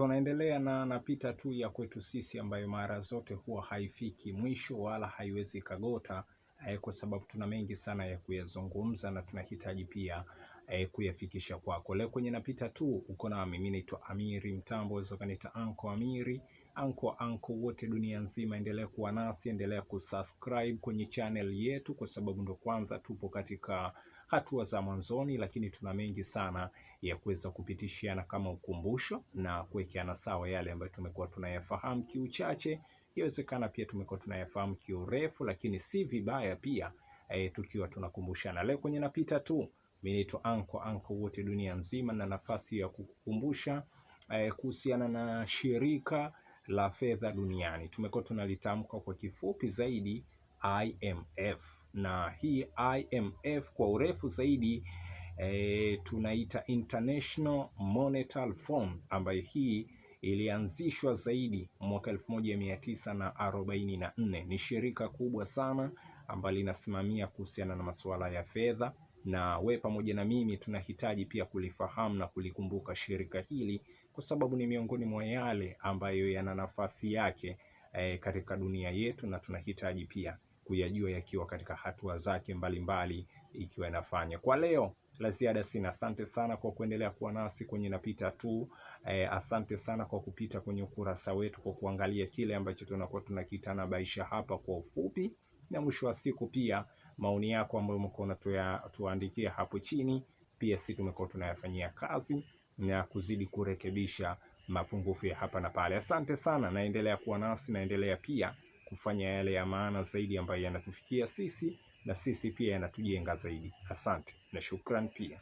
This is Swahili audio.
Tunaendelea na napita tu ya kwetu sisi ambayo mara zote huwa haifiki mwisho wala haiwezi ikagota eh, kwa sababu tuna mengi sana ya kuyazungumza na tunahitaji pia eh, kuyafikisha kwako. Leo kwenye napita tu uko nami, mimi naitwa Amiri Mtambo, unaweza kuniita Anko Amiri anko anko wote dunia nzima, endelea kuwa nasi, endelea kusubscribe kwenye channel yetu, kwa sababu ndo kwanza tupo katika hatua za mwanzoni, lakini tuna mengi sana ya kuweza kupitishiana kama ukumbusho na kuwekeana sawa yale ambayo tumekuwa tunayafahamu kiuchache, yawezekana pia tumekuwa tunayafahamu kiurefu, lakini si vibaya pia e, tukiwa tunakumbushana. Leo kwenye napita tu, mimi naitwa anko anko wote dunia nzima, na nafasi ya kukukumbusha e, kuhusiana na shirika la fedha duniani, tumekuwa tunalitamka kwa kifupi zaidi IMF, na hii IMF kwa urefu zaidi e, tunaita International Monetary Fund, ambayo hii ilianzishwa zaidi mwaka na nne. Ni shirika kubwa sana ambalo linasimamia kuhusiana na masuala ya fedha na we pamoja na mimi tunahitaji pia kulifahamu na kulikumbuka shirika hili kwa sababu ni miongoni mwa yale ambayo yana nafasi yake e, katika dunia yetu na tunahitaji pia kuyajua yakiwa katika hatua zake mbalimbali ikiwa inafanya. Kwa leo la ziada sina. Asante sana kwa kuendelea kuwa nasi kwenye Napita Tu. E, asante sana kwa kupita kwenye ukurasa wetu kwa kuangalia kile ambacho tunakuwa tunakitana baisha hapa kwa ufupi, na mwisho wa siku pia maoni yako ambayo umekuwa unatuandikia hapo chini, pia sisi tumekuwa tunayafanyia kazi na kuzidi kurekebisha mapungufu ya hapa na pale. Asante sana, naendelea kuwa nasi, naendelea pia kufanya yale ya maana zaidi ambayo yanatufikia sisi na sisi pia yanatujenga zaidi. Asante na shukran pia.